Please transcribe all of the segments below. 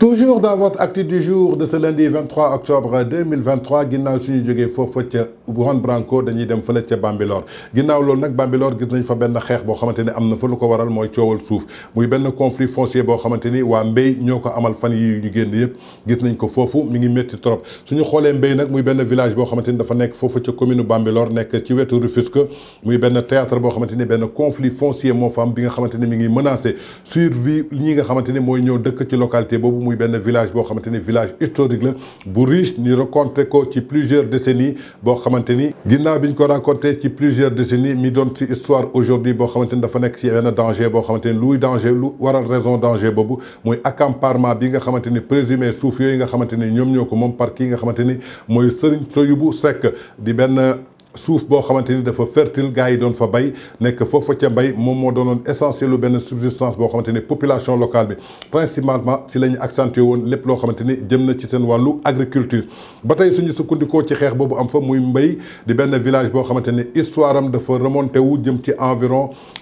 Toujours dans votre acte du jour de ce lundi 23 octobre 2023 ginnaaw suñu jógee Juan Branco dañuy dem fële ca Bambilor ginnaaw loolu nag Bambilor gis nañ fa benn xeex boo xamante ni am na fa lu ko waral mooy coowal suuf muy benn conflit foncier boo xamante ni waa Mbey ñoo ko amal fan yi ñu génn yépp gis nañ ko foofu mi ngi métti trop suñu xoolee Mbey nag muy benn village boo xamante ni dafa nekk foofu ca commune Bambilor nekk ci wetu Rufisque muy benn théâtre boo xamante ni benn conflit foncier moo fa am bi nga xamante ni mi ngi menacé survie ñi nga xamante ni mooy ñëw dëkk ci localité boobu muy benn village boo xamante ni village historique la bu riche ni raconté ko ci plusieurs décennies boo xamante ni ginnaaw ko rencontré ci plusieurs décennies mi doon ci histoire aujourd'hui bo xamante dafa nek ci danger bo Louis louy danger lu waral raison danger Bobu moy accaparement bi nga xamante présumé souf yooyu nga xamante ñom ñoko mom par nga xamante moy Serigne di ben souf bo xamanteni de dafa fertile gaay yi doon fa bay nek fofu ca bay mom mo donon essentiel ben subsistance bo xamante population locale bi principalement si la ñu won lepp lo xamanteni jëm na ci sen walu agriculture. ba tey suñu ko ci xex bobu am fa muy mbay di ben village bo xamanteni histoire am dafa remonté wu jëm ci environ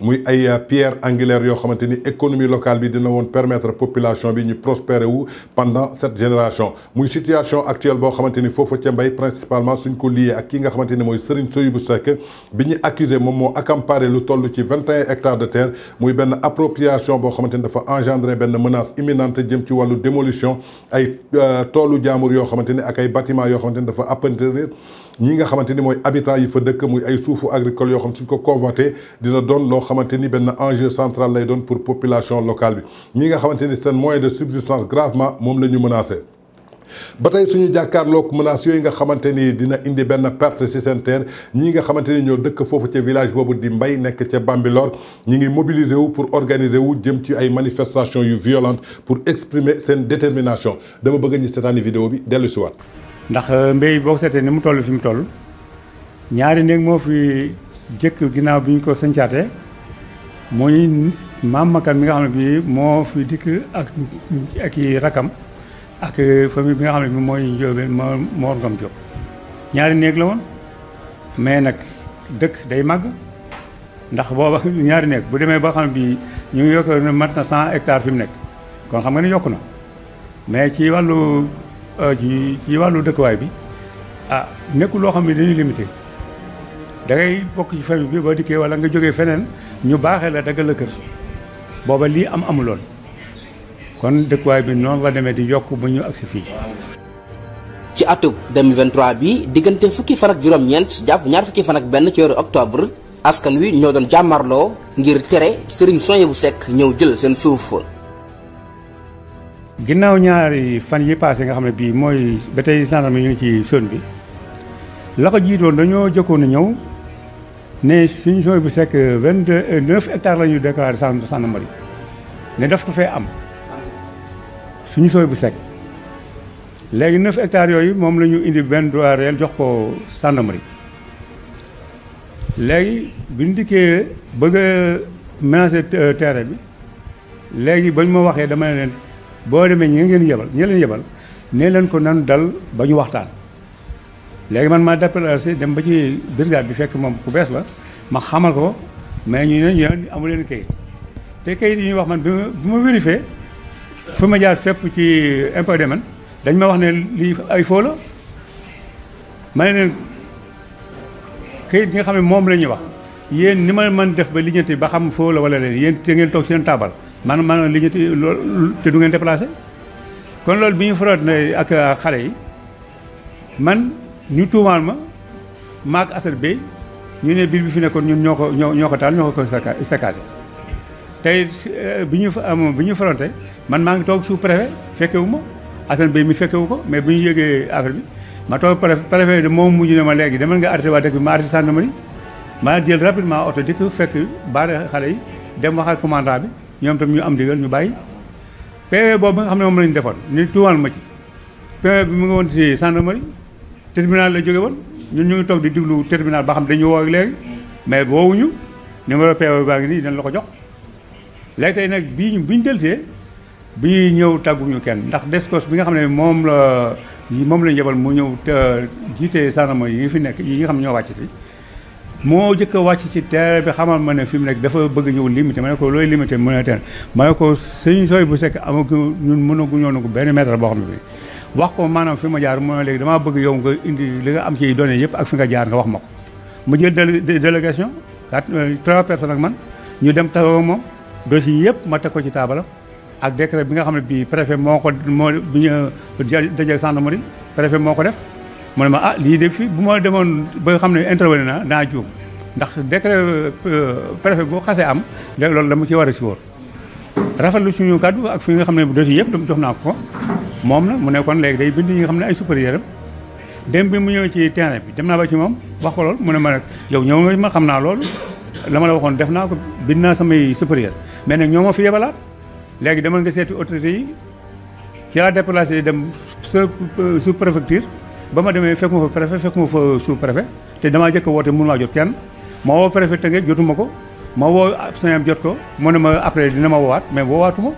muy ay euh, Pierre angulaire yoo xamante ni économie locale bi dina woon permettre population bi ñu prospérer wu pendant cette génération muy situation actuelle boo xamante ni foofu ca mbay principalement suñ ko lié ak ki nga xamante ni mooy Serigne Souhaïbou Seck bi ñu accusé moom moo accaparé lu toll ci 21 hectares de terre muy benn appropriation boo xamante ni dafa engendré benn menace imminente jëm ci wàllu démolition ay euh, toolu jaamur yoo xamante ni ak ay bâtiments yoo xamante ni dafa appantir ñi nga xamanteni moy habitants yi fa dëkk muy ay suufu agricole yo xam suñ ko convoité dina doon lo xamanteni ben enjeu central lay doon pour population locale bi ñi nga xamanteni sen moyen de subsistance gravement mom lañu menacer menacé ba tey suñu jàkkaarloog menace yooyu nga xamante ni dina indi benn perte ci seen terre ñii nga xamante ni ñoo dëkk foofu ca village boobu di mbay nekk ca Bambilor ñi ngi mobiliser wu pour organiser wu jëm ci ay manifestations yu violentes pour exprimer seen détermination dama bëgg ñi seetaani vidéo bi dellu si waat ndax euh, mbéy boo seetee ni mu toll fi mu toll ñaari néeg moo fi jëkk ginnaaw bi ñu ko sëncaatee mooy maam Makan mi nga xam ne bii moo fi dikk ak ak i rakam ak euh, famille bi nga xam ne bii mooy njóobeen Mor Ngom ñaari néeg la woon mais nag dëkk day màgg ndax booba ñaari néeg bu demee ba xam ne bii ñu ngi yokk na mat na cent hectares fi mu nekk kon xam nga ne yokk na mais ci wàllu Euh, ci ci wàllu dëkkuwaay bi ah nekkul loo xam ne dañuy limité dangay ngay bokk ci famille bi boo dikkee wala nga jógee feneen ñu baaxe la daggal la kër booba lii am amuloon kon dëkkuwaay bi noonu la demee di yokk bu ñu agsi fii. ci atub 2023 bi diggante fukki fan ak juróom-ñeent jàpp ñaar fukki fan ak benn ci weeru octobre askan wi ñoo doon jàmmarloo ngir tere Serigne bu sekk ñëw jël seen suuf. ginnaaw ñaari fan yi passé nga xam ne bii mooy ba tey gendarme ñu ngi ci zone bi la jiitoo jiitoon dañoo jëkkoon ñëw ne suñu zone bu sekk vingt deux euh, neuf hectares la ñu déclaré gendarmerie ne def ko fee am suñu zone bu sekk léegi neuf hectares yooyu moom la ñu indi benn droit réel jox ko gendarmerie léegi bi ñu dikkee bëgg euh, terrain bi léegi bañ ma waxee dama leen. boo demee ñu ngeen yebal ñu leen yebal nee leen ko nan dal ba ñu waxtaan léegi man maa déplacé dem ba ci brigade bi fekk moom ku bees la ma xamal ko mais ñu ne ñu amu leen kayit te kayit yi ñuy wax man bi ma bi ma vérifié fu ma jaar fépp ci impôt domaine dañ ma wax ne lii ay faux la ma ne leen kayit nga xam ne moom la ñuy wax yéen ni ma man def ba lijjanti ba xam faux la wala leen yéen te ngeen toog seen taabal. maanaam maanaam li ñu ti loolu te du ngeen déplacé kon loolu bi ñu faroot ne ak euh, xale yi man ñu tuumaal ma maak asar bay ñu ne biir bi fi nekkoon ñun ñoo ko ñoo ko taal ñoo ko saccagé tey euh, bi ñu am bi ñu fronté man maa ngi toog sous préfet fekkewu ma Assane Bay mi fekkewu ko mais bi ñu yëgee affaire bi ma toog préfet de moom mujj ne ma léegi demal nga arrêté waa dëkk bi ma arrêté gendarmerie ma jël rapidement oto dikk fekk baare xale yi dem wax ak commandant bi ñoom tam ñu am digal ñu bàyyi PV boobu nga xam ne moom la ñu defoon ni tuumaal ma ci PV bi mu ngi woon ci gendarmerie terminal la jóge woon ñun ñu ngi toog di diglu terminal ba xam dañu woo ak léegi mais woowuñu numéro PV baa ngi nii dañ la ko jox léegi tey nag bii bi ñu delsee bi ñuy ñëw tàgguñu kenn ndax descos bi nga xam ne moom la moom la ñu yebal mu ñëw jiite gendarmerie yi fi nekk yi nga xam ñoo wàccati moo njëkk wàcc ci terre bi xamal ma ne fi mu nekk dafa bëgg ñëw limité ma ne ko looy limité mu ne teen ma ne ko sëñ sooy bu sekk amagu ñun mënaguñoo na ko benn mètre boo xam ne bi wax ko maanaam fi ma jaar mu ne léegi damaa bëgg yow nga indi li nga am ci données yëpp ak fi nga jaar nga wax ma ko mu jël délégation quatre euh, trois personnes ak man ñu dem taxaw moom dossier yëpp ma teg ko ci taabalam ak décret bi nga xam ne bii préfet moo ko moo bi ñu euh, dajee gendarmerie préfet moo ko def mu ne ma ah lii de fi bu ma demoon ba xam ne intervenir naa naa juum ndax décret euh, préfet boo xasee am loolu dama ci war a si wóor rafetlu suñu kàddu ak fi nga xam ne dossier yëpp dama jox naa ko moom na mu ne kon léegi day bind yi nga xam ne ay supérieur dem bi mu ñëw ci terrain bi dem naa ba ci moom wax ko loolu mu ne ma nag yow ñëw ma xam naa loolu la ma la waxoon def naa ko bind naa samay supérieur mais nag ñoo ma fi yebalaat léegi demal nga seeti autorités yi ci laa dem euh, sous préfecture ba ma demee fekk ma fa préfet fekk fa sous préfet te damaa jëkk woote mënu maa jot kenn ma woo préfet te ngeen jotuma ko ma woo sañam jot ko mu ne ma après dina ma wowaat mais woowaatuma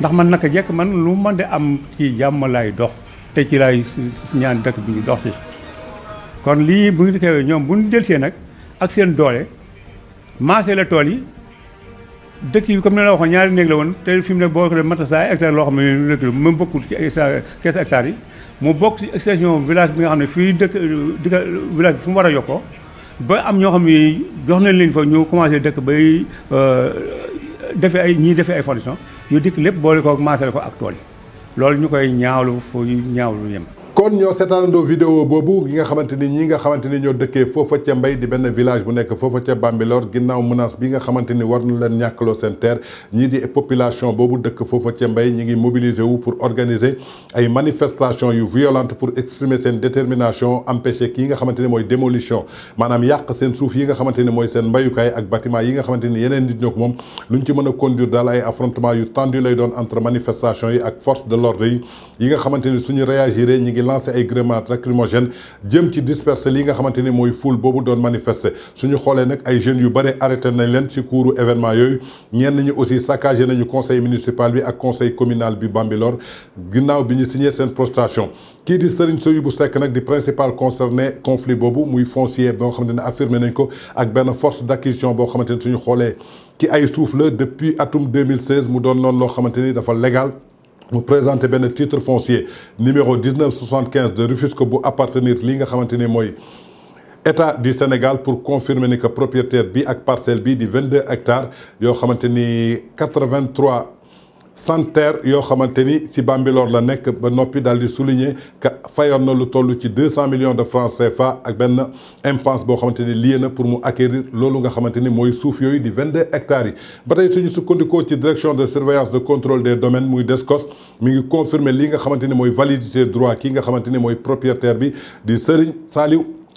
ndax man naka jekk man lu man di am ci jàmm laay dox te ci laay ñaan dëkk bi ñu dox ci kon lii bu ngi xewee ñoom bu ñu delsee nag ak seen doole maasee la tool yi dëkk yi comme ne la waxoon ñaari néeg la woon te fi mu ne boo ko def mata saa hectare loo xam ne lëkk même bokkul ci sa 15 yi mu bokk ci extension village bi nga xam ne fii dëkk di village bi fu mu war a yokkoo ba am ñoo xam ne jox na leen fa ñu commencé dëkk bay euh, defee ay ñii defee ay fondation ñu dikk lépp boole ko maasale ko ak tool yi loolu ñu koy ñaawlu fu ñaawlu yem kon ñoo seetaanandoo vidéo boobu gi nga xamante ni ñi nga xamante ni ñoo dëkkee foofa ca mbay di benn village bu nekk foofa ca Bambilor ginnaaw menace bi nga xamante ni war na leen ñàkkaloo seen terre ñi di population boobu dëkk foofa ca mbay ñi ngi mobiliser wu pour organiser ay manifestations yu violente pour exprimer seen détermination empêcher ki nga xamante ni mooy démolition maanaam yàq seen suuf yi nga xamante ni mooy seen mbayukaay ak bâtiment yi nga xamante ni yeneen nit ñoo ko moom luñ ci mën a conduire daal ay affrontement yu tendu lay doon entre manifestation yi ak force de l'ordre yi yi nga xamante ni suñu réagiré ñi ngi lancé ay grenades lacrymogènes djem ci disperser li nga xamanteni moy mooy foule boobu doon manifester suñu xolé nak ay jeunes yu bari arrêté nañ len ci kuuru événement yoy ñen ñu aussi saccagé nañu conseil municipal bi ak conseil communal bi Bambilor ginnaw bi ñu signé sen prestation kii di Serigne Soyibou Seck nak di principal concerné conflit bobu muy foncier bo xamanteni affirmer nañ ko ak ben force d'acquisition bo xamanteni suñu xolé ci ay suuf la depuis atum 2016 mu doon noonu loo xamante ni dafa légal nous présentons le titre foncier numéro 1975 de Rufisque que appartenir à nga du Sénégal pour confirmer que le propriétaire bi ak parcelle bi de 22 hectares yo a 83 sanitaire yoo yo xamanteni ci Bambilor la nek ba nopi dal di souligner que fayoon na lu tollu ci 200 millions de francs CFA ak Ben impense bo xamanteni lié na pour mu acquérir loolu nga xamanteni moy souf yoy di vingt hectares batay suñu sukkandikoo ci direction de surveillance de contrôle des domaines muy DESCOS mi ngi confirmer li nga xamanteni moy validité droit ki nga xamanteni moy propriétaire bi di Serigne Saliou.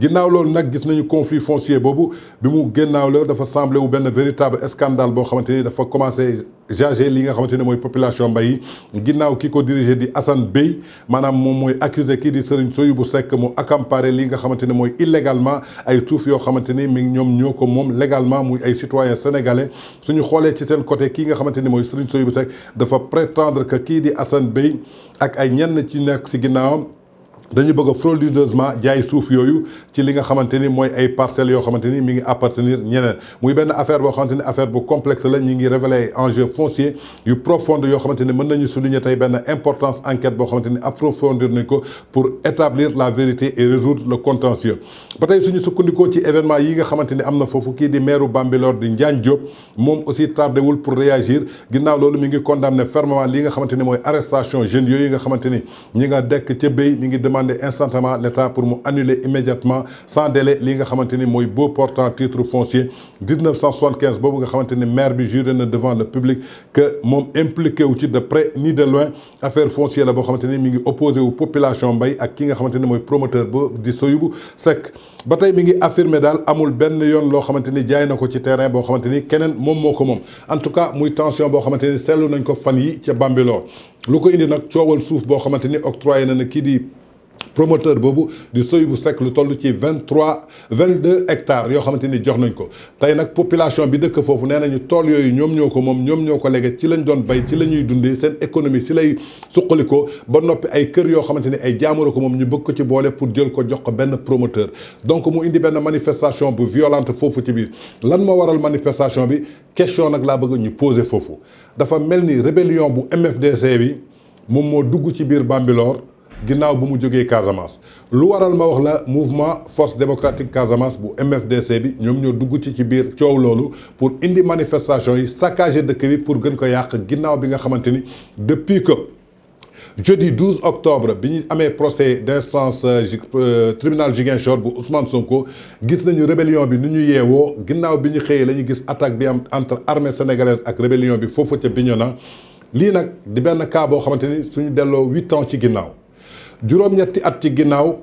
ginnaw loolu nak gis nañu conflit foncier bobu bi mu génnaaw loolu dafa semblé wu ben véritable scandale bo xamanteni dafa commencer jager li nga xamanteni moy population mbay ginnaw kiko diriger di Hassan Bey manam mom moy accusé ki di Serigne Souaïbou sek mu accaparé li nga xamanteni moy mooy illégalement ay touf yo xamanteni mi ñom ñoko mom légalement muy ay citoyens sénégalais suñu xolé ci sen côté ki nga xamanteni moy mooy Serigne Souaïbou sek dafa prétendre que ki di Hassan Bey ak ay ñenn ci nek ci ginnaawam dañu bëgg frauduleusement jaay suuf yooyu ci li nga xamante ni mooy ay parcelles yoo xamante ni mi ngi appartenir ñeneen muy benn affaire boo xamante affaire bu complexe la ñi ngi révélé ay enjeux fonciers yu profonde yoo xamante ni mën nañu souligner tey benn importance enquête boo xamante approfondir nañ pour établir la vérité et résoudre le contentieux. ba tey suñu sukkandikoo ci événement yi nga xamante ni am na foofu kii di maire Bambilor di Ndiagne Diop moom aussi tardewul pour réagir ginnaaw loolu mi ngi condamné fermement li nga xamante ni mooy arrestation jeune yooyu nga xamante ni ñi nga dekk ca béy mi ngi instantanément l'État pour m'annuler annuler immédiatement sans délai li nga xamante ni mooy beau portant titre foncier 1975 boobu nga xamante ni maire bi ne devant le public que mon impliqué wu ci de près ni de loin affaire foncière la boo xamante ni mi ngi opposé wu population mbay ak ki nga xamante promoteur ba di sec bataille ba mi affirmé d'al amul ben yoon loo xamante ni jaay ci terrain boo xamante kenen keneen moom moo en tout cas muy tension boo xamante celle où nañ ko fan yi ca Bambilor lu ko indi nag une suuf boo xamante ni octroyé promoteur Bobu di Sohibou sec lu tollu ci 23 22 hectares yo xamanteni jox nañ ko tay nak population bi dekk fofu nenañu toll tool ñom ñoko mom ñom ñoko ñoom ci lañ doon bay ci lañuy dundé sen économie si lay suqalikoo ba nopi ay kër yo xamanteni ay jaamuro ko mom ñu bëgg ko ci bolé pour jël ko jox ko ben promoteur. donc mu indi ben manifestation bu violente fofu ci biir lan mo waral manifestation bi question nak la bëgg ñu poser fofu dafa melni rébellion bu MFDC bi mom mo dugg ci bir Bambilor ginnaw bu mu jógee Casamance lu waral ma wax la mouvement force démocratique Casamance bu MFDC bi ñom ñoo dugg ci ci biir ciow lolu pour indi manifestation yi saccager de bi pour gën ko yàq ginnaw bi nga xamanteni depuis que jeudi 12 octobre bi ñu amee procès d'instance euh, euh, tribunal Ziguinchor bu Ousmane Sonko gis nañu rébellion bi ni ñu yéwo ginnaw bi ñu xëyee gis attaque bi am entre armée sénégalaise ak rébellion bi fofu ci Bignona Li nak di ben cas bo xamanteni suñu delloo huit ans ci ginnaw Durant ñetti atti nous ginnaaw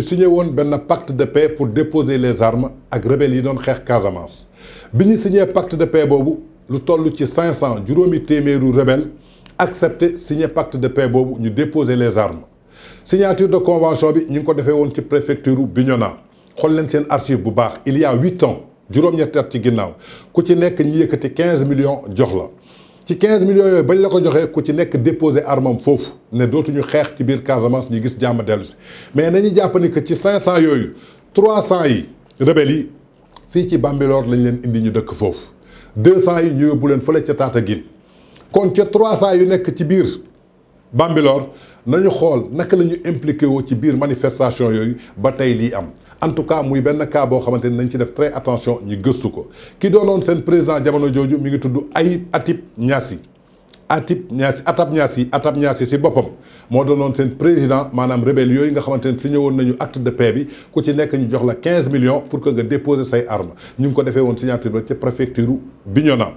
signé un pacte de paix pour déposer les armes ak rebelles yi doon xeex Casamance bi ñu signé pacte de paix bobu, lu toll ci 500 cent juróomi téeméeru rebelle accepté signé pacte de paix bobu, ñu déposer les armes signature de convention bi ñu ngi une préfecture de ci préfecture Bignona xool leen seen archive bu baax il y a 8 ans durant cette at ci ginnaaw ku ci nekk millions de dollars ci 15 millions yooyu bañ la ko joxee ku ci nekk déposé armam né ne ñu xex ci biir Casamance ñu gis jamm dellu si mais nañu jàpp ni que ci 500 yooyu 300 yi rebelles yi fii ci Bambilor lañ leen indi ñu dëkk foofu 200 yi ñu yóbbu leen ci Tata Tataguine kon ci 300 yu nek ci biir Bambilor nañu xol naka lañu ñu impliqué woo ci biir manifestation yooyu ba tay li am en tout cas muy benn cas boo xamante ni ci def très attention ñu gëstu ko ki doonoon seen président jamono jooju mi ngi tudd Atip Atib Atap Atib Atap Atab c'est Atab Niassi si boppam moo président madame rebelle yooyu nga xamante signé woon nañu acte de paix bi ku ci 15 ñu jox la millions pour que nga déposer say armes ñu avons ko une signature ba préfecture Bignona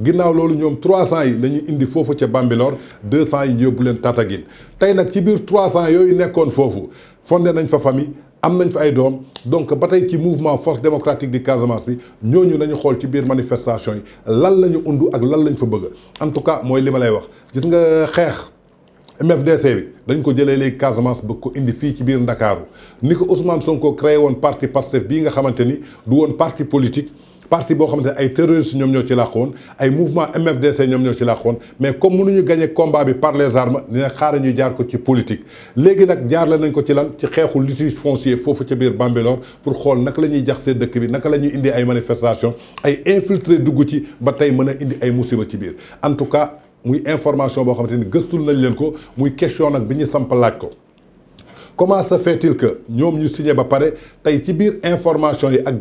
ginnaaw loolu ñoom 300 yi la indi fofu ca Bambilor 200 yi ñu Tatagin. leen Tataguine ci 300 yooyu nekkoon fofu. fondé nañ fa famille. am nañ fa ay doom donc ba tey ci mouvement force démocratique di Casamance bi ñooñu nañu xool ci biir manifestation yi lan la ñu undu ak lan lañ fa bëgg en tout cas mooy li ma lay wax gis nga xeex MFDC bi dañ ko jëlee léegi Casamance bëgg ko indi fii ci biir Ndakaaru ni ko Ousmane Sonko créé woon parti Pastef bii nga xamante ni du woon parti politique parti boo xamante ay terroristes ñom ñoo ci làqoon ay mouvement MFDC ñom ñoo ci làqoon mais comme ñu gagner combat bi par les armes dina xara ñu jaar ko ci politique. nak jaar la nañ ko ci lan ci xeexu litige foncier fofu ci bir Bambilor pour xol nak la jax sé dëkk bi nak la indi ay manifestations ay infiltré dugg ci ba tay mëna indi ay musiba ci bir en tout cas muy information bo xamanteni ni gëstul nañ leen ko muy question nak bi ñu samp laaj ko comment se fait-il que nous, ñu signé ba paré tay ci les information yi ak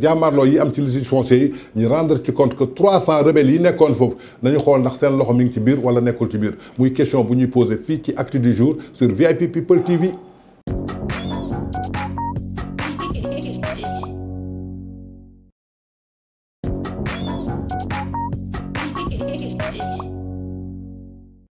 rendre compte que 300 rebelles yi Nous nañu xol ndax seen loxo mi ngi ci wala nekkul ci question du jour sur VIP People TV